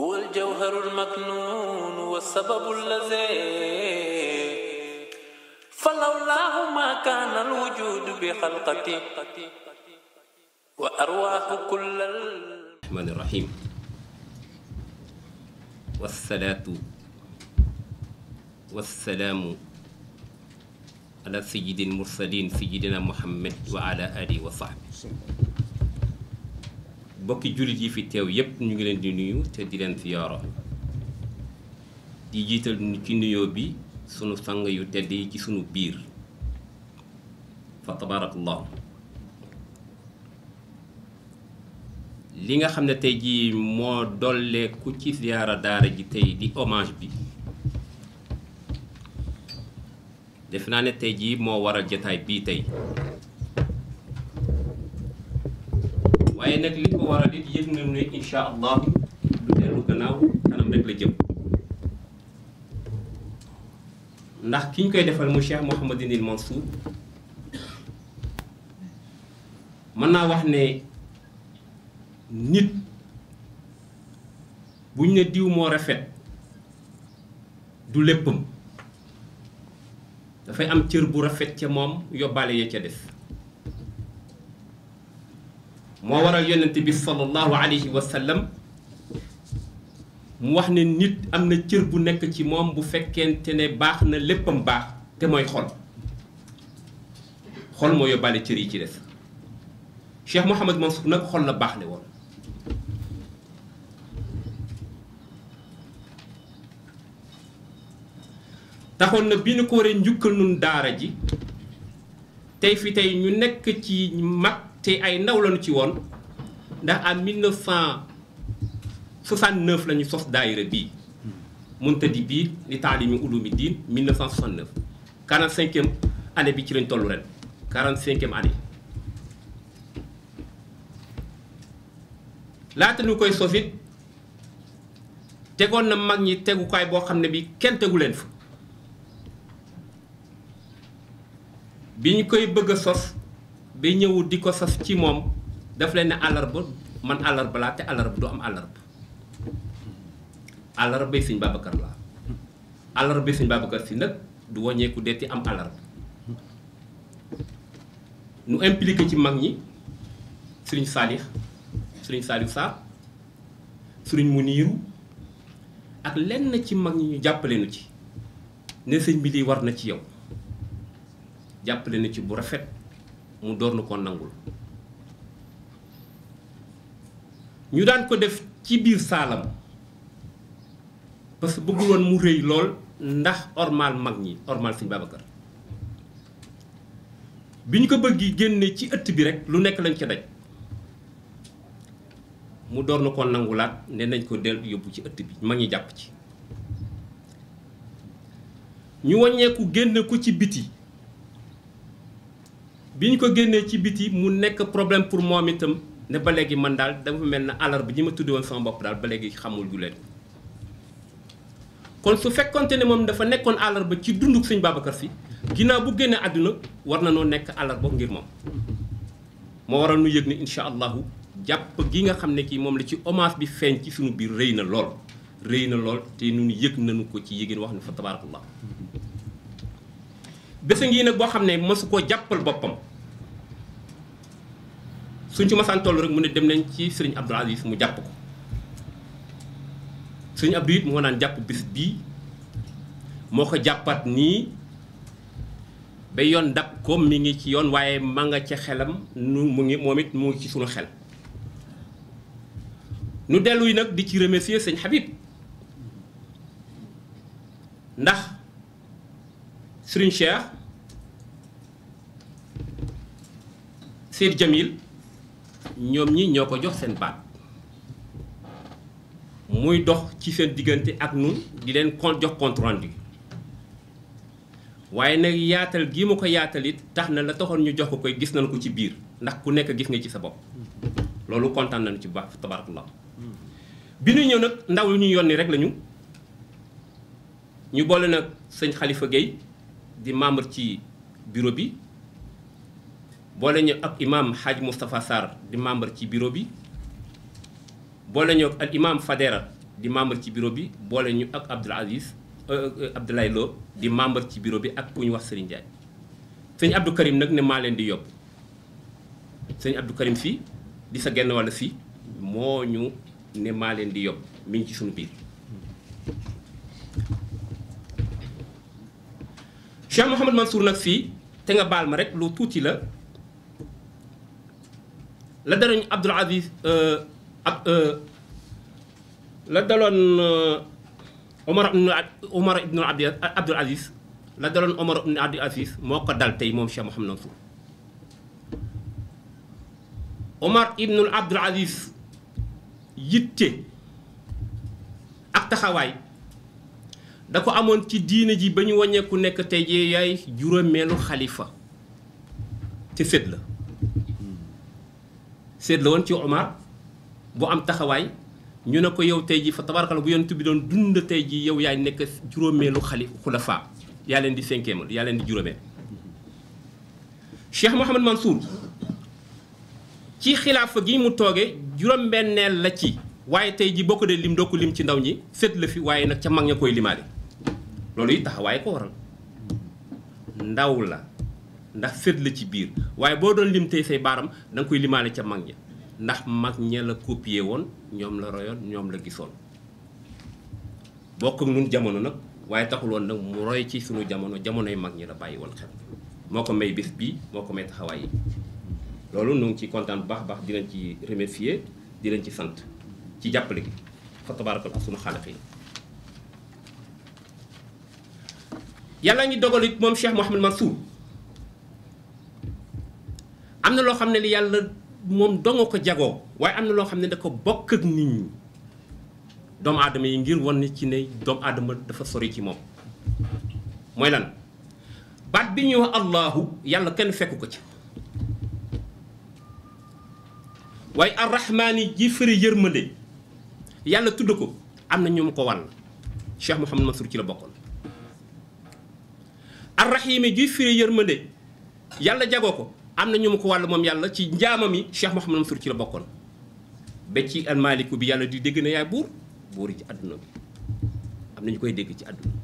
هو الجوهر المكنون والسبب الذي فلولاه ما كان الوجود بخلقتي وأرواح كل الرحمن الرحيم والصلاة والسلام على سيد المرسلين سيدنا محمد وعلى آله وصحبه bokki jullit yi fi teew yépp ñu ngi leen di nuyu te di leen ziyaara di jiital ci nuyoo bi sunu sang yu tedd yi ci sunu biir fa tabarakallah li nga xam ne tey jii moo dolleeku ci ziyaara daara ji tey di omage bi def naa ne tey jii moo waral jataay bii tey waaye nag li ko waral it yëg nañu ne incha allah du dellu gannaaw kanam rek la jëm ndax ki ñu koy defal mu Cheikh Mouhamadinil Mansour mën naa wax ne nit bu ñu ne diw moo rafet du léppam dafay am cër bu rafet ca moom yóbbaale ya ca def moo waral yonent bi sallallahu alayhi wa sallam mu wax ni nit am na cër bu nekk ci moom bu fekkente ne baax na léppam baax te mooy xol xol moo yóbbaale cër yi ci des Cheikh Mouhamad Mansour nag xol na baax le woon taxoon na bi ñu ko waree njukkal nun daara ji tey fi tey ñu nekk ci mag te ay ndaw lañu ci woon ndax mil en 1969 la ñu sos daayira bii Muntadi bii li taalimi ulumi diin 1969 45e année bi ci lañ toll ren 45e année laata ñu koy sos it tegoon na mag ñi tegukaay boo xam ne bi kenn tegu leen fa bi ñu koy bëgg a sos ba ñëwul di ko sas ci moom daf leen ne àllarba man àllarba laa te àllarba du am àllarba àllarba sëñ Babacar laa àllarba sëñ Babacar si nag du wàññeeku deeti am àllarba nu impliqué ci mag ñi sëriñ Saalix sëriñ Saalix Sarr sëriñ Muniiru ak lenn ci mag ñi ñu jàppaleenu ci ne sëñ bi lii war na ci yow jàppale nu ci bu rafet mu door nu ko nangul ñu daan ko def ci biir saalam parce que bëggul mu rëy lool ndax ormal mag ñi ormal sëñ Babacar bi ñu ko bëgg génne ci ëtt bi rek lu nekk lañ ci daj mu door na ko nangulaat ne nañ ko del yóbbu ci ëtt bi mag ñi jàpp ci ñu wàññeeku génne ko ci biti bi ñu ko génnee ci biti mu nekk problème pour moom itam ne ba léegi man daal dafa mel ne alarba ñi ma tudde woon sama bopp daal ba léegi xamul ju leen kon su fekkonte ne moom dafa nekkoon alarba ci dunduk sëñ Babacar si ginnaaw bu génnee àdduna war na noo nekk alarba ngir moom moo waral nu yëg ni incha allahu jàpp gi nga xam ne kii moom la ci hommage bi feeñ ci suñu biir rëy na lool rëy na lool te ñun yëg nañu ko ci yëgin wax na fa tabarakallah bés ngi nag boo xam ne mësu koo jàppal boppam suñ ci masaan toll rek mu ne dem nañ ci sëriñ Abdou Aziz mu jàpp ko sëriñ Abdou it moo naan jàpp bés bii moo ko jàppaat nii ba yoon dab ko mi ngi ci yoon waaye ma nga ca xelam mu ngi moom it mu ngi ci suñu xel nu dellu yi nag di ci remercier sëñ Habib ndax sëriñ Cheikh Seyd Jamil ñoom ñi ñoo ko jox seen baat muy dox ci seen diggante ak nun di leen jox compte waaye nag yaatal gii ma ko yaatal tax na la toxoon ñu jox ko koy gis nañ ko ci biir ndax ku nekk gis nga ci sa bopp loolu kontaan nañu ci bu baax tabarakallah bi ñu ñëw nag ndaw lu ñu yónni rek lañu ñu boole nag sëñ xalifa géey di membre ci bureau bi boole ñu ak imam Hadj Moustapha Sarr di membre ci bureau bi boole ñu ak imam Fadera di membre ci bureau bi boole ñu ak Abdoul Aziz euh, euh, Abdoulaye di membre ci bureau bi ak ku ñu wax Serigne Ndiaye sëñ Abdou Karim nag ne maa leen di yóbbu sëñ Abdou Karim fii di sa genn walla fii moo ñu ne maa leen di yóbbu mi ci suñu biir. Cheikh Mouhamed Mansour nag si te nga baal ma rek lu tuuti la. la daloon Abdoul Aziz euh, ab euh, la daloon Omar euh, Omar ibn Abdoul Aziz la daloon Omar ibn Abdoul Aziz moo ko dal tey moom Cheikh Mouhamed Mansour Omar ibn Abdoul Aziz yitte ak taxawaay da ko amoon ci diine ji ba ñu wàññeeku nekk tey jii yaay juróomeelu xalifa te sët la. seet ci Omar bu am taxawaay ñu ne ko yow tey ji fa tabarakalla bu yonent bi doon dund tey ji yow yaay nekk juróomeelu xalif xulafa yaa leen di cinquième yaa leen di juróomeel Cheikh Mouhamad Mansour ci xilaafa gi mu tooge juróom-benneel la ci waaye tey ji bokk dee lim doo ko lim ci ndaw ñi seet la fi waaye nag ca mag ña koy limaale loolu yi taxawaay ko waral ndaw la ndax seet la ci biir waaye boo doon lim tey say baaram da nga koy limaale ca mag ña ndax mag ña la copier woon ñoom la royoon ñoom la gisoon bokk nun jamono nag waaye taxuloon woon nag mu roy ci sunu jamono jamonoy mag ñi la bàyyi woon xel moo ko may bés bii moo ko may taxawaay yi loolu nu ngi ci kontaan bu baax baax di leen ci remercier di leen ci sant ci jàppale gi ko tabaarakal ak sunu xaaliqiin yàlla ngi dogal it moom Cheikh Mouhamed Mansour am na loo xam ne ni yàlla moom doo ko jagoo waaye am na loo xam ne da ko bokk ak nit ñi doomu aadama yi ngir wan ci ne doomu adama dafa sori ci moom mooy lan baat bi ñuy wax allahu yàlla kenn fekk ko ci waaye arrahmaani ji fëri yërmande yàlla tudd ko am na ñu mu ko wàll Cheikh Mouhamed Mansour ci la bokkoon arrahimi ji fëri yërmande yàlla jagoo ko am na ñu ma ko wàll moom yàlla ci njaamam yi Cheikh Mouhamed Mansour ci la bokkoon ba ci almaliku bi yàlla di dégg na yaay buur buur ci àdduna bi am na ñu koy dégg ci àdduna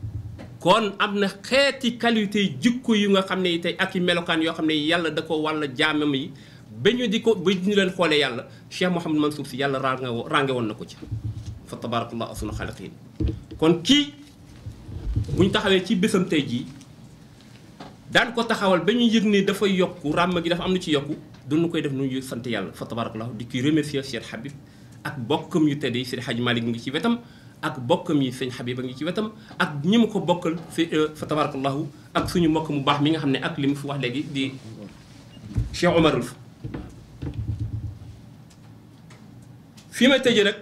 kon am na xeeti qualité jikko yu nga xam ne tey ak i melokaan yoo xam ne yàlla da ko wàll jaamam yi ba ñu di ko ba ñu leen xoolee yàlla Cheikh Mouhamed Mansour si yàlla rànge woon na ko ci fa tabarakallah asuna xaliqin kon kii bu ñu taxawee ci bésam tey jii daan ko taxawal ba ñu yëg ne dafay yokku ràmm gi dafa am na ci yokku doonu koy def nu ñu sant yàlla fa tabarakallah di ki remercier Cheikh Habib ak bokkam yu tedd yi Seydi Hadji Malick ngi ci wetam ak bokkam yi sëñ Habib a ngi ci wetam ak ñi mu ko bokkal euh, fa tabarakallahu ak suñu mbokk mu baax mi nga xam ne ak li mu fi wax léegi di Cheikh Omarul fi may tëjee rek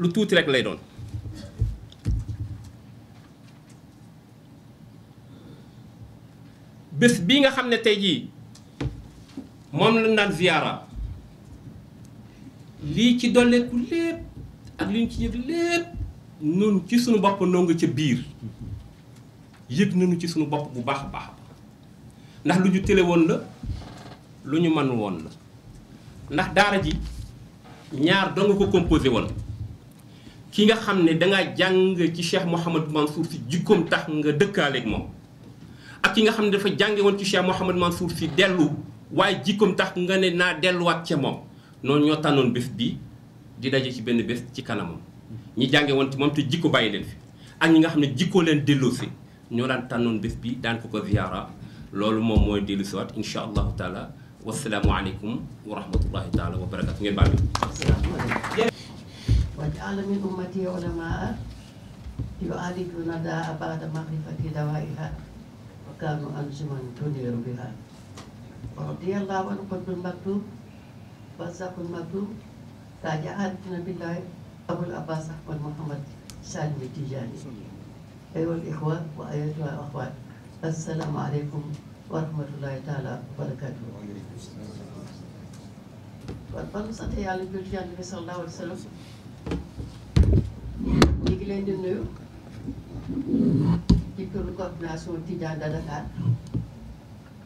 lu tuuti rek lay doon bés bii nga xam ne tey jii moom la naan ziyaara lii ci dolleeku lépp ak li ñu ci yëg lépp nun ci suñu bopp nongu ca biir yëg nañu ci suñu bopp bu baax a baax ndax lu ñu télé woon la lu ñu mën woon la ndax daara ji ñaar dong ko composé woon ki nga xam ne dangaa jàng ci Cheikh Mouhamadou Mansour ci jikkoom tax nga dëkkaaleek moom ak nga xam ne dafa jànge woon ci Cheikh Mouhamad Mansour si dellu waaye jikkoom tax nga ne naa delluwaat ca moom noonu ñoo tànnoon bés bi di daje ci benn bés ci kanamam ñi jànge woon ci moom te jikko bàyyi leen ak ñi nga xam ne jikkoo leen delloosi ñoo daan tànnoon bés bi daan ko ko ziyaara loolu moom mooy dellusiwaat insha allahu taala wasalaamu aleykum wa rahmatullahi taala wa barakatu ngeen baal mi واجعل من أمتي علماء يعالجون داء بعد معرفة دوائها كانوا أنجما تنير بها ورضي الله عن قطب المكتوب وزاق المكتوب تاجع عارفنا بالله أبو العباس أحمد محمد سالم التجاني أيها الإخوة وأيتها الأخوات السلام عليكم ورحمة الله تعالى وبركاته kon ba nu sant yàlla jur jàll bi sallallahu alayhi wa sallam ñu ngi leen di nuyu ci këru coordination Tidjane de Dakar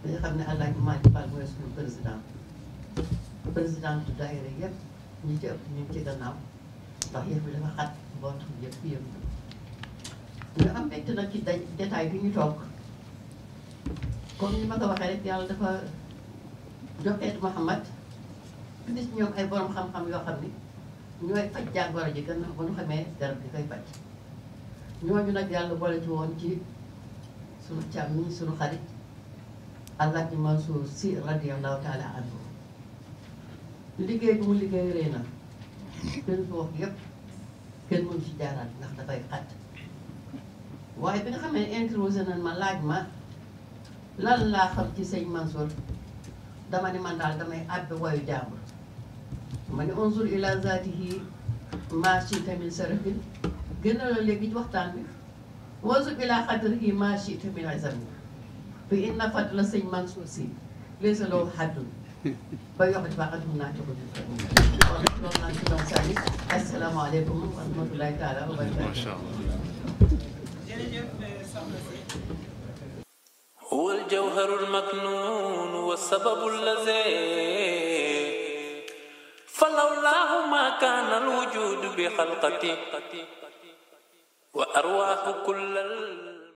bi nga xam ne El Hadj Malick Fall mooy suñu président président du daayira yëpp ñi ñu ngi ci gannaaw ndax yëf bi dafa xat boo tax yëpp yëpp ñu am mbégte nag ci daj détail bi ñu toog comme ni ma ko waxee rek yàlla dafa joxeet Mouhamad plus ñoom ay borom xam-xam yoo xam ni ñooy faj jàngoro ji gannaaw ba ñu xamee garab gi koy faj. ñooñu nag yàlla boole ci woon ci sunu càmmi sunu xarit Alaaji Mansour Sy radiyallahu taala anhu na kenn ci jaaraat ndax dafay xat waaye bi nga xam ne interrogé ma laaj ma lan laa xam ci sëñ Mansour dama ne man daal damay àbbi wayu jàmbur ma ne unzur ila zaatihi maa shita min sarafin gën a la léegi waxtaan bi wasu bilaa xadr yi marché terminal sami bi inna fat la sëñ Mansour si léegi loolu xaddul ba yoxati ba antum naa ko def kon loolu naa ci doon sani asalaamaaleykum wa rahmatulahi taala wa barakatu jërëjëf soxna si هو الجوهر المكنون والسبب الذي فلولاه ما كان الوجود بخلقتي wa arwaaxu kullal